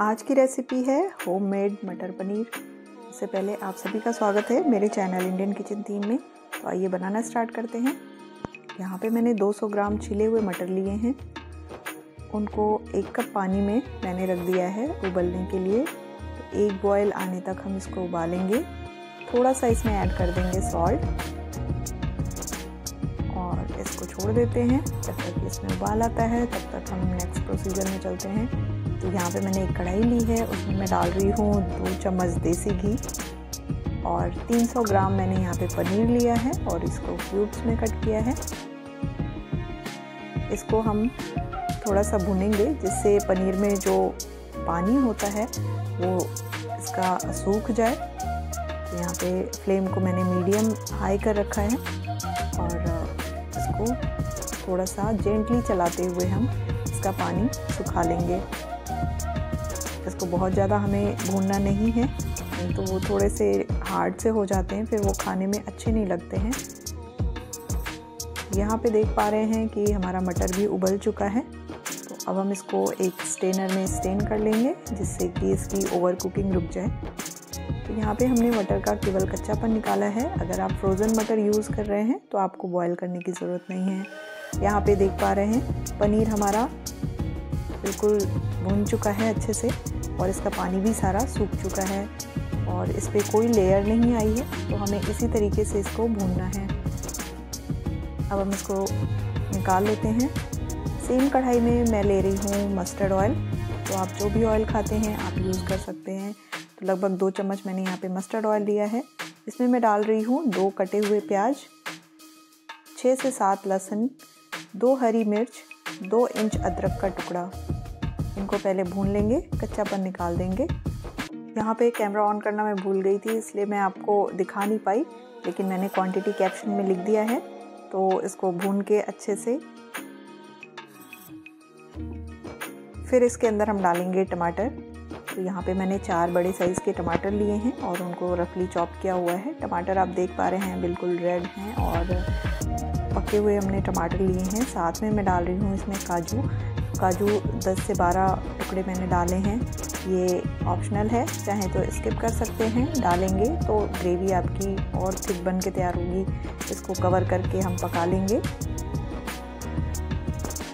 आज की रेसिपी है होममेड मटर पनीर इससे पहले आप सभी का स्वागत है मेरे चैनल इंडियन किचन थीम में तो आइए बनाना स्टार्ट करते हैं यहाँ पे मैंने 200 ग्राम छिले हुए मटर लिए हैं उनको एक कप पानी में मैंने रख दिया है उबलने के लिए तो एक बॉयल आने तक हम इसको उबालेंगे थोड़ा सा इसमें ऐड कर देंगे सॉल्ट और इसको छोड़ देते हैं जब तक इसमें उबाल आता है तब तक हम नेक्स्ट प्रोसीजर में चलते हैं तो यहाँ पे मैंने एक कढ़ाई ली है उसमें मैं डाल रही हूँ दो चम्मच देसी घी और 300 ग्राम मैंने यहाँ पे पनीर लिया है और इसको क्यूब्स में कट किया है इसको हम थोड़ा सा भुनेंगे जिससे पनीर में जो पानी होता है वो इसका सूख जाए तो यहाँ पे फ्लेम को मैंने मीडियम हाई कर रखा है और इसको थोड़ा सा जेंटली चलाते हुए हम इसका पानी सुखा लेंगे इसको बहुत ज़्यादा हमें भूनना नहीं है तो वो थोड़े से हार्ड से हो जाते हैं फिर वो खाने में अच्छे नहीं लगते हैं यहाँ पे देख पा रहे हैं कि हमारा मटर भी उबल चुका है तो अब हम इसको एक स्टेनर में स्टेन कर लेंगे जिससे कि इसकी ओवर कुकिंग रुक जाए तो यहाँ पे हमने मटर का केवल कच्चापन निकाला है अगर आप फ्रोज़न मटर यूज़ कर रहे हैं तो आपको बॉयल करने की ज़रूरत नहीं है यहाँ पे देख पा रहे हैं पनीर हमारा बिल्कुल भुन चुका है अच्छे से और इसका पानी भी सारा सूख चुका है और इस पर कोई लेयर नहीं आई है तो हमें इसी तरीके से इसको भूनना है अब हम इसको निकाल लेते हैं सेम कढ़ाई में मैं ले रही हूँ मस्टर्ड ऑयल तो आप जो भी ऑयल खाते हैं आप यूज़ कर सकते हैं तो लगभग दो चम्मच मैंने यहाँ पे मस्टर्ड ऑयल लिया है इसमें मैं डाल रही हूँ दो कटे हुए प्याज छः से सात लहसुन दो हरी मिर्च दो इंच अदरक का टुकड़ा इनको पहले भून लेंगे कच्चापन निकाल देंगे यहाँ पे कैमरा ऑन करना मैं भूल गई थी इसलिए मैं आपको दिखा नहीं पाई लेकिन मैंने क्वांटिटी कैप्शन में लिख दिया है तो इसको भून के अच्छे से फिर इसके अंदर हम डालेंगे टमाटर तो यहाँ पे मैंने चार बड़े साइज़ के टमाटर लिए हैं और उनको रफली चॉप किया हुआ है टमाटर आप देख पा रहे हैं बिल्कुल रेड हैं और पके हुए हमने टमाटर लिए हैं साथ में मैं डाल रही हूँ इसमें काजू काजू 10 से 12 टुकड़े मैंने डाले हैं ये ऑप्शनल है चाहे तो स्किप कर सकते हैं डालेंगे तो ग्रेवी आपकी और थिक बन के तैयार होगी इसको कवर करके हम पका लेंगे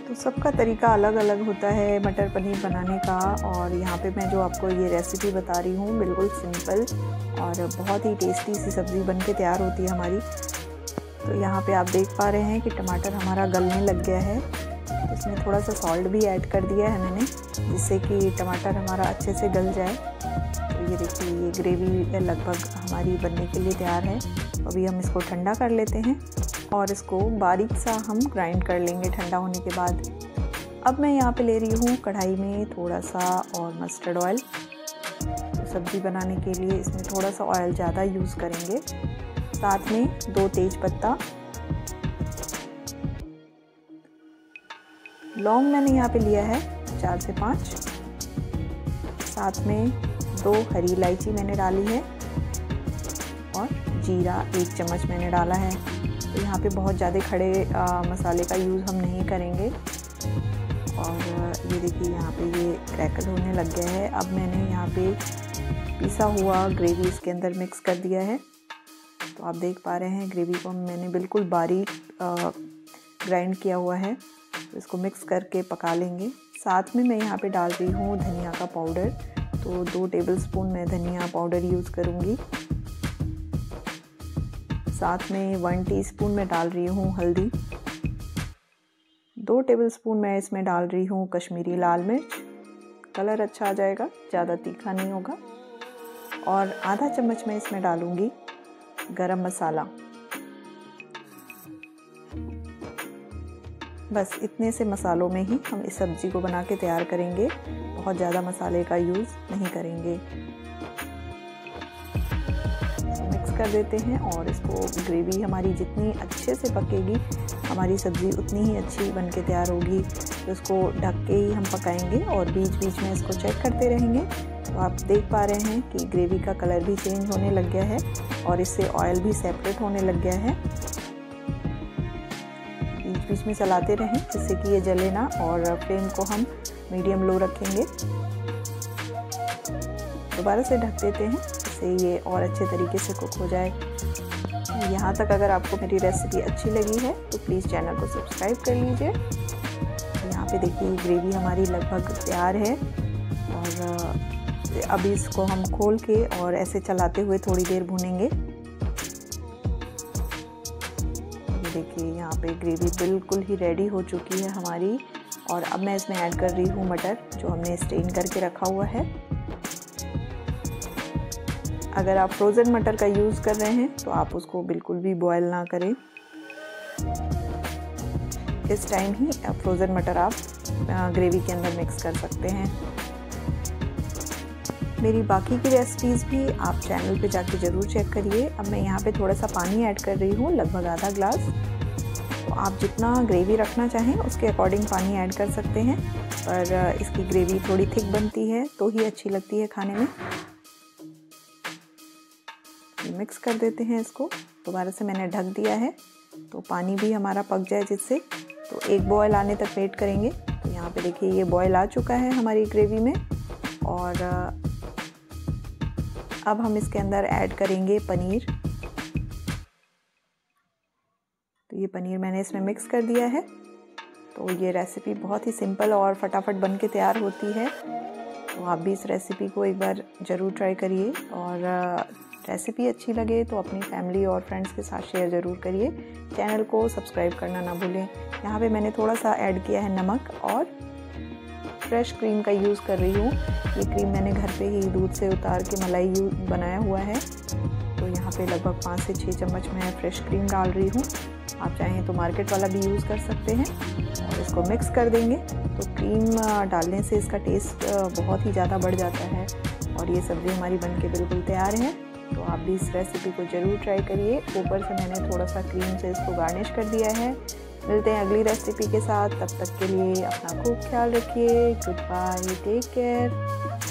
तो सबका तरीका अलग अलग होता है मटर पनीर बनाने का और यहाँ पे मैं जो आपको ये रेसिपी बता रही हूँ बिल्कुल सिंपल और बहुत ही टेस्टी सी सब्ज़ी बन के तैयार होती है हमारी तो यहाँ पे आप देख पा रहे हैं कि टमाटर हमारा गलने लग गया है इसमें थोड़ा सा सॉल्ट भी ऐड कर दिया है मैंने जिससे कि टमाटर हमारा अच्छे से गल जाए तो ये देखिए ये ग्रेवी लगभग हमारी बनने के लिए तैयार है अभी हम इसको ठंडा कर लेते हैं और इसको बारीक सा हम ग्राइंड कर लेंगे ठंडा होने के बाद अब मैं यहाँ पे ले रही हूँ कढ़ाई में थोड़ा सा और मस्टर्ड ऑयल तो सब्ज़ी बनाने के लिए इसमें थोड़ा सा ऑयल ज़्यादा यूज़ करेंगे साथ में दो तेज़ पत्ता लॉन्ग मैंने यहाँ पे लिया है चार से पाँच साथ में दो हरी इलायची मैंने डाली है और जीरा एक चम्मच मैंने डाला है तो यहाँ पे बहुत ज़्यादा खड़े आ, मसाले का यूज़ हम नहीं करेंगे और ये देखिए यहाँ पे ये क्रैकल होने लग गया है अब मैंने यहाँ पे पिसा हुआ ग्रेवी इसके अंदर मिक्स कर दिया है तो आप देख पा रहे हैं ग्रेवी को मैंने बिल्कुल बारीक ग्राइंड किया हुआ है इसको मिक्स करके पका लेंगे साथ में मैं यहाँ पे डाल रही हूँ धनिया का पाउडर तो दो टेबल स्पून मैं धनिया पाउडर यूज़ करूँगी साथ में वन टीस्पून मैं डाल रही हूँ हल्दी दो टेबल स्पून मैं इसमें डाल रही हूँ कश्मीरी लाल मिर्च कलर अच्छा आ जाएगा ज़्यादा तीखा नहीं होगा और आधा चम्मच मैं इसमें डालूँगी गरम मसाला बस इतने से मसालों में ही हम इस सब्ज़ी को बना के तैयार करेंगे बहुत ज़्यादा मसाले का यूज़ नहीं करेंगे मिक्स कर देते हैं और इसको ग्रेवी हमारी जितनी अच्छे से पकेगी हमारी सब्ज़ी उतनी ही अच्छी बन के तैयार होगी तो इसको ढक के ही हम पकाएंगे और बीच बीच में इसको चेक करते रहेंगे तो आप देख पा रहे हैं कि ग्रेवी का कलर भी चेंज होने लग गया है और इससे ऑयल भी सेपरेट होने लग गया है बीच में चलाते रहें जिससे कि ये जले ना और फ्लेम को हम मीडियम लो रखेंगे दोबारा से ढक देते हैं जिससे ये और अच्छे तरीके से कुक हो जाए यहाँ तक अगर आपको मेरी रेसिपी अच्छी लगी है तो प्लीज़ चैनल को सब्सक्राइब कर लीजिए यहाँ पे देखिए ग्रेवी हमारी लगभग तैयार है और अभी इसको हम खोल के और ऐसे चलाते हुए थोड़ी देर भुनेंगे देखिए यहाँ पे ग्रेवी बिल्कुल ही रेडी हो चुकी है हमारी और अब मैं इसमें ऐड कर रही हूँ मटर जो हमने स्टेन करके रखा हुआ है अगर आप फ्रोज़न मटर का यूज़ कर रहे हैं तो आप उसको बिल्कुल भी बॉयल ना करें इस टाइम ही फ्रोज़न मटर आप ग्रेवी के अंदर मिक्स कर सकते हैं मेरी बाकी की रेसिपीज़ भी आप चैनल पे जाके ज़रूर चेक करिए अब मैं यहाँ पे थोड़ा सा पानी ऐड कर रही हूँ लगभग आधा ग्लास आप जितना ग्रेवी रखना चाहें उसके अकॉर्डिंग पानी ऐड कर सकते हैं पर इसकी ग्रेवी थोड़ी थिक बनती है तो ही अच्छी लगती है खाने में मिक्स कर देते हैं इसको दोबारा से मैंने ढक दिया है तो पानी भी हमारा पक जाए जिससे तो एक बॉयल आने तक वेट करेंगे तो यहाँ पे देखिए ये बॉयल आ चुका है हमारी ग्रेवी में और अब हम इसके अंदर ऐड करेंगे पनीर ये पनीर मैंने इसमें मिक्स कर दिया है तो ये रेसिपी बहुत ही सिंपल और फटाफट बन के तैयार होती है तो आप भी इस रेसिपी को एक बार ज़रूर ट्राई करिए और रेसिपी अच्छी लगे तो अपनी फैमिली और फ्रेंड्स के साथ शेयर ज़रूर करिए चैनल को सब्सक्राइब करना ना भूलें यहाँ पे मैंने थोड़ा सा ऐड किया है नमक और फ्रेश क्रीम का यूज़ कर रही हूँ ये क्रीम मैंने घर पे ही दूध से उतार के मलाई बनाया हुआ है तो यहाँ पे लगभग पाँच से छः चम्मच मैं फ्रेश क्रीम डाल रही हूँ आप चाहें तो मार्केट वाला भी यूज़ कर सकते हैं और इसको मिक्स कर देंगे तो क्रीम डालने से इसका टेस्ट बहुत ही ज़्यादा बढ़ जाता है और ये सब्ज़ी हमारी बन के बिल्कुल तैयार है तो आप भी इस रेसिपी को ज़रूर ट्राई करिए ऊपर से मैंने थोड़ा सा क्रीम से इसको गार्निश कर दिया है मिलते हैं अगली रेसिपी के साथ तब तक के लिए अपना खूब ख्याल रखिए गुड बाय टेक केयर